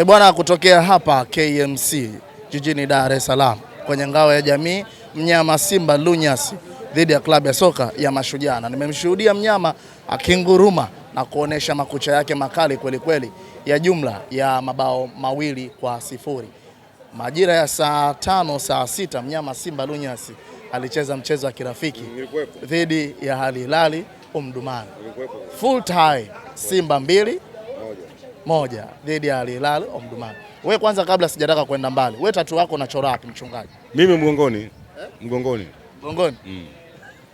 E bwana, kutokea hapa KMC jijini Dar es Salaam kwenye ngao ya jamii, mnyama Simba lunyas dhidi ya klabu ya soka ya Mashujaa, na nimemshuhudia mnyama akinguruma na kuonesha makucha yake makali kwelikweli kweli, ya jumla ya mabao mawili kwa sifuri. Majira ya saa tano saa sita mnyama Simba lunyas alicheza mchezo wa kirafiki dhidi ya Al Hilal Omdurman. Full time Simba mbili moja dhidi ya Al Hilal Omdurman. We kwanza, kabla sijataka kwenda mbali, we tatu wako unachora wapi mchungaji? Mimi mgongoni eh? Mgongoni, mgongoni mm.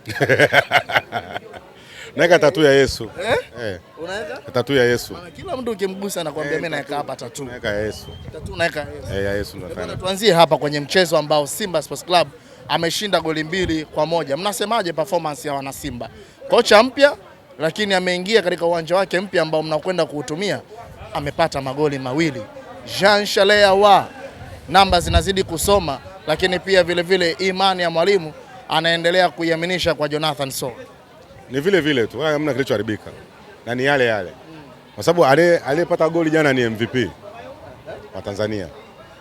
Naweka tatu ya Yesu eh? Eh. Unaweka tatu ya Yesu. Maana kila mtu ukimgusa anakuambia mimi naweka hapa tatu. Naweka Yesu. Tatu naweka Yesu. Eh, ya Yesu ndo ndio. Tuanzie hapa kwenye mchezo ambao Simba Sports Club ameshinda goli mbili kwa moja. Mnasemaje performance ya wana Simba? Kocha mpya lakini ameingia katika uwanja wake mpya ambao mnakwenda kuutumia amepata magoli mawili. Jean Shalea wa namba zinazidi kusoma, lakini pia vilevile vile imani ya mwalimu anaendelea kuiaminisha kwa Jonathan so Ni vile vile tu, hamna kilichoharibika na ni yale yale, kwa sababu aliyepata goli jana ni MVP wa Tanzania,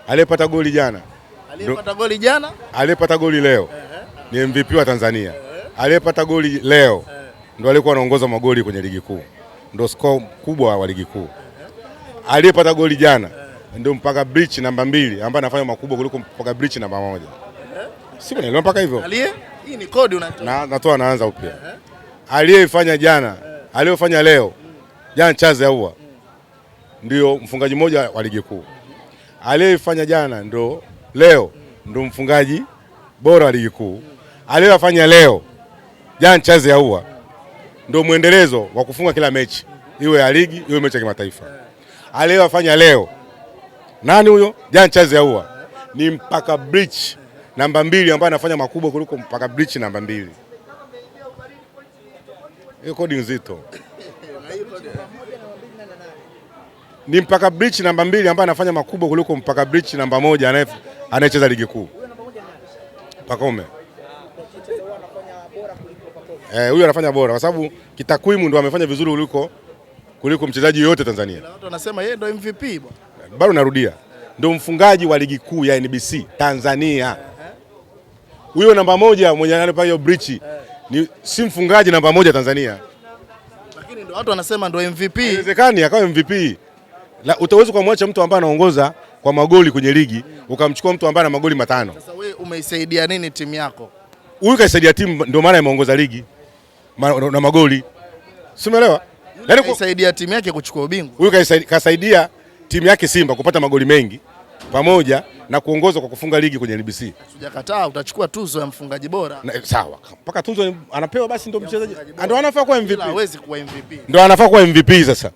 aliyepata goli jana, aliyepata goli jana, aliyepata goli leo ni MVP wa Tanzania, aliyepata goli leo eh. ndo alikuwa anaongoza magoli kwenye ligi kuu, ndo score kubwa wa ligi kuu aliyepata goli jana ndio mpaka bridge namba mbili ambaye anafanya makubwa kuliko mpaka bridge namba moja. Si unaelewa mpaka hivyo? Hii ni kodi unatoa. Na natoa naanza upya. Aliyefanya jana, aliyofanya leo. Jana chaza yaua. Ndio mfungaji mmoja wa ligi kuu. Aliyefanya jana ndio leo ndio mfungaji bora wa ligi kuu. Aliyofanya leo jana chaza yaua. Ndio mwendelezo wa kufunga kila mechi. Iwe ya ligi, iwe mechi ya kimataifa aliyowafanya leo. Nani huyo? Jan Chazi Ahoua ni mpaka bridge namba mbili ambaye anafanya makubwa kuliko mpaka bridge namba mbili. Hiyo kodi nzito ni mpaka bridge namba mbili ambaye anafanya makubwa kuliko mpaka bridge namba moja anayecheza ligi kuu Pakome. Eh, huyu anafanya bora kwa sababu kitakwimu ndo amefanya vizuri kuliko kuliko mchezaji yoyote Tanzania. Watu wanasema yeye ndo MVP bwana. Bado narudia, ndo mfungaji wa ligi kuu ya NBC Tanzania. Huyo namba moja mwenye anapa hiyo brichi ni si mfungaji namba moja Tanzania, lakini ndo watu wanasema ndo MVP. Inawezekani akawa MVP. La, utaweza kumwacha mtu ambaye anaongoza kwa magoli kwenye ligi ukamchukua mtu ambaye ana magoli matano. Sasa wewe umeisaidia nini timu yako? Huyu kaisaidia timu, ndio maana imeongoza ligi na magoli, Simeelewa? yani kaisaidia timu yake kuchukua ubingwa. Huyu kasaidia timu yake Simba kupata magoli mengi pamoja na kuongozwa kwa kufunga ligi kwenye NBC. Sijakataa utachukua tuzo ya mfungaji bora. Na, sawa. Mpaka tuzo anapewa basi ndio mchezaji. Ndio anafaa kuwa MVP. Hawezi kuwa MVP. Ndio anafaa kuwa MVP sasa.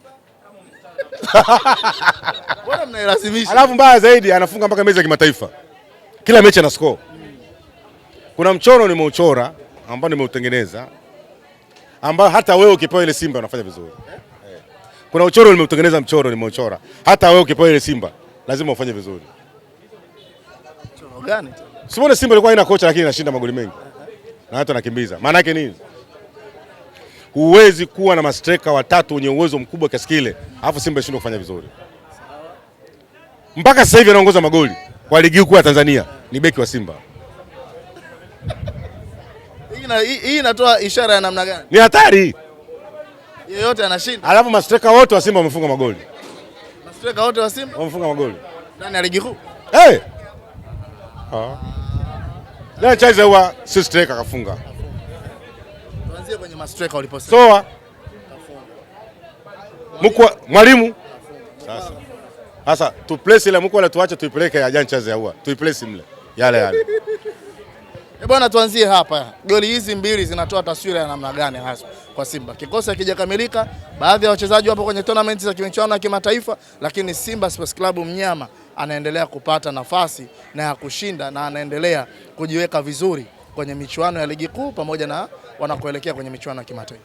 Bora mnailazimisha. Alafu mbaya zaidi anafunga mpaka mechi za kimataifa. Kila mechi ana score. Kuna mchoro nimeuchora ambao nimeutengeneza ambayo hata wewe ukipewa ile Simba unafanya vizuri. Kuna uchoro nimeutengeneza, mchoro nimeuchora, hata wewe ukipewa ile Simba lazima ufanye vizuri. Mchoro gani? Simone Simba ilikuwa haina kocha lakini inashinda magoli mengi na hata nakimbiza. Maana yake nini? Huwezi kuwa na mastreka watatu wenye uwezo mkubwa kiasi kile alafu Simba ishindwe kufanya vizuri. Mpaka sasa hivi anaongoza magoli kwa ligi kuu ya Tanzania ni beki wa Simba. Hii inatoa ishara ya namna gani? Ni hatari. Yeyote anashinda. Alafu mastreka wote wa Simba wamefunga magoli. Mastreka wote wa Simba wamefunga magoli. Ndani ya ligi kuu. Eh. Ah. Chaiza huwa si streka kafunga. Tuanzie kwenye mastreka waliposema. Soa. Mkwa mwalimu. Sasa. Sasa tu place ile mkwa ile tuache tuipeleke ya Jan Chaiza huwa. Tuiplace mle. Yale yale. Eh, bwana, tuanzie hapa. Goli hizi mbili zinatoa taswira ya namna gani hasa kwa Simba? Kikosi hakijakamilika, baadhi ya wachezaji wapo kwenye tournament za kimichuano ya kimataifa, lakini Simba Sports Club mnyama anaendelea kupata nafasi na ya kushinda na anaendelea kujiweka vizuri kwenye michuano ya ligi kuu pamoja na wanakoelekea kwenye michuano ya kimataifa.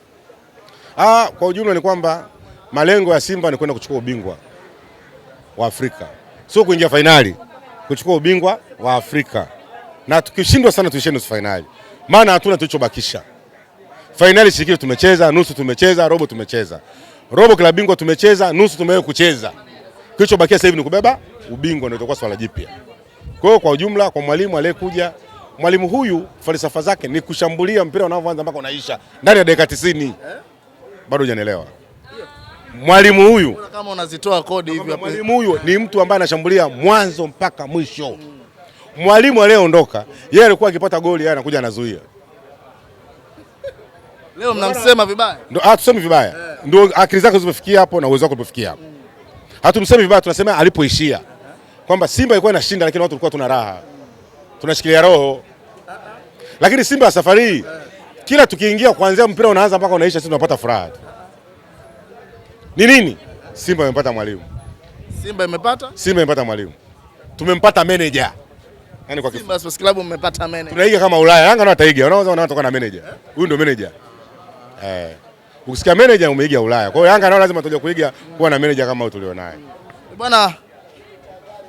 Ah, kwa ujumla ni kwamba malengo ya Simba ni kwenda kuchukua ubingwa wa Afrika, sio kuingia fainali, kuchukua ubingwa wa Afrika na tukishindwa sana tuishie nusu fainali, maana hatuna tulichobakisha. Fainali shirikisho tumecheza, nusu tumecheza, robo tumecheza, robo kila bingwa tumecheza, nusu tumewe kucheza. Kilichobakia sasa hivi ni kubeba ubingwa, ndio itakuwa swala jipya. Kwa hiyo kwa ujumla, kwa mwalimu aliyekuja, mwalimu huyu falsafa zake ni kushambulia mpira unaoanza mpaka unaisha ndani ya dakika 90. Bado hujanielewa. Mwalimu huyu kama unazitoa kodi hivi hapa. Mwalimu huyu ni mtu ambaye anashambulia mwanzo mpaka mwisho mwalimu aliyeondoka yeye alikuwa akipata goli, yeye anakuja anazuia. Leo mnamsema vibaya, ndio hatusemi ah, vibaya, eh. ndio akili zake zimefikia hapo na uwezo wake ulipofikia hapo. Hatumsemi vibaya, tunasema alipoishia kwamba Simba ilikuwa inashinda, lakini watu walikuwa tuna raha, tunashikilia roho. Lakini Simba ya safari hii kila tukiingia, kuanzia mpira unaanza mpaka unaisha, sisi tunapata furaha. Ni nini? Simba imepata mwalimu, Simba imepata, Simba imepata mwalimu, tumempata manager. Yaani kwa Simba Sports Club mmepata manager. Tunaiga kama Ulaya. Yanga nao ataiga. Unaona kutoka na manager. Huyu ndio manager. Eh. Ukisikia manager umeiga Ulaya. Kwa hiyo Yanga nao lazima tuje kuiga kuwa na manager kama tulio naye. Bwana,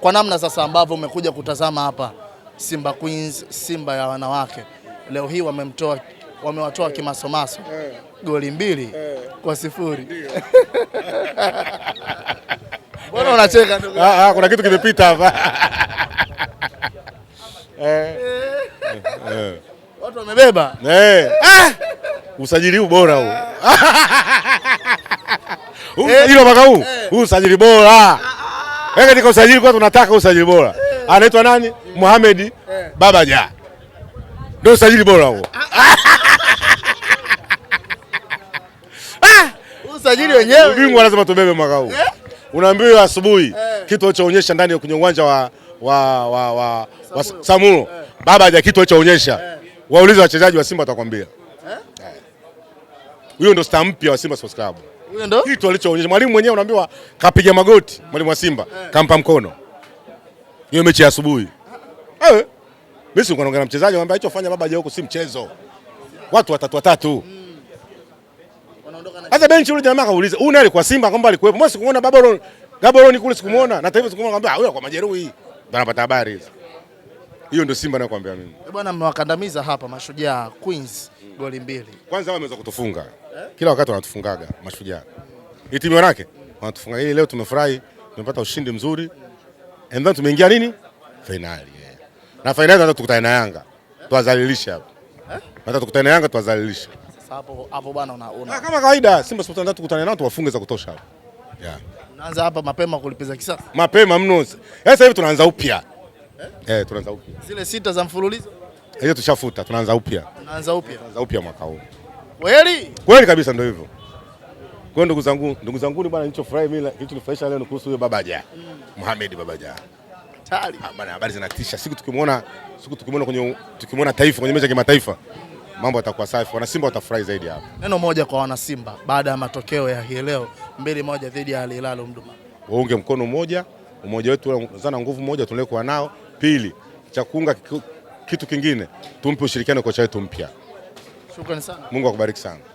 kwa namna sasa ambavyo umekuja kutazama hapa Simba Queens, Simba ya wanawake leo hii wamemtoa wamewatoa kimasomaso eh. goli mbili eh. kwa sifuri. Mbona unacheka ndugu? Ah, ah kuna kitu kimepita hapa. Eh. Watu wamebeba eh. Ah! Usajili huu bora huu huu usajili wa mwaka huu eh. huu usajili bora ah, ah, ah. Yaani katika usajili kwa tunataka usajili bora anaitwa nani? Mohamed Babaja ndio usajili bora huo. Usajili wenyewe ubingwa lazima tubebe mwaka huu. Unaambiwa asubuhi kitu unachoonyesha ndani kwenye uwanja wa wa, wa, wa, wa Samulo baba kitu alichoonyesha, eh. waulize wachezaji wa Simba watakwambia. Huyo eh? Eh. ndo star mpya wa Simba Sports Club. Huyo ndo kitu alichoonyesha. Mwalimu mwenyewe unaambiwa kapiga magoti, mwalimu wa Simba eh. kampa mkono. Hiyo mechi ya asubuhi. Eh. Mimi si naongea na mchezaji, anambia hicho fanya baba haja huko si mchezo. Watu watatu watatu. Hata benchi yule jamaa akauliza, "Huyu naye alikuwa Simba kwamba alikuwepo?" Mimi sikuona baba Gaboroni kule sikumuona, na taifa sikumuona, akamwambia, ah, "Huyo kwa majeruhi." wanapata habari hizo. Hiyo ndio Simba nakwambia mimi. Eh, bwana, mmewakandamiza hapa Mashujaa Queens goli mbili. Kwanza wao wameweza kutufunga eh? kila wakati, wanatufungaga Mashujaa hii timu yake wanatufunga. Hii leo tumefurahi, tumepata ushindi mzuri and then tumeingia nini Finali. yeah. na finali hata tukutane na Yanga tuwazalilisha hapo eh? hata tukutane na Yanga tuwazalilisha hapo hapo bwana, una, una. Ah, kama kawaida Simba Sports tukutane nao tuwafunge za kutosha hapo yeah. Unaanza hapa mapema kulipiza kisasi. Mapema mno. Sasa hivi tunaanza upya. Eh? Eh, tunaanza upya. Zile sita za mfululizo? Hiyo tushafuta, tunaanza upya. Tunaanza upya. Tunaanza upya mwaka huu. Kweli? Kweli kabisa ndio hivyo. Kwa ndugu zangu, ndugu zangu ni bwana, nilichofurahi mimi, kilichonifurahisha leo ni kuhusu huyo babaja. Mm. Mohamed babaja. Hatari. Ah, bwana, habari zinatisha. Siku tukimwona, siku tukimwona kwenye tukimwona taifa kwenye mechi ya kimataifa mambo yatakuwa safi, wanasimba watafurahi zaidi hapa. Neno moja kwa wanasimba baada ya matokeo ya hii leo mbili moja dhidi ya Al Hilal Omdurman. Waunge mkono moja, umoja wetu sana, nguvu moja tuliokuwa nao. Pili, cha kuunga kitu kingine, tumpe ushirikiano kocha wetu mpya. Shukrani sana, Mungu akubariki sana.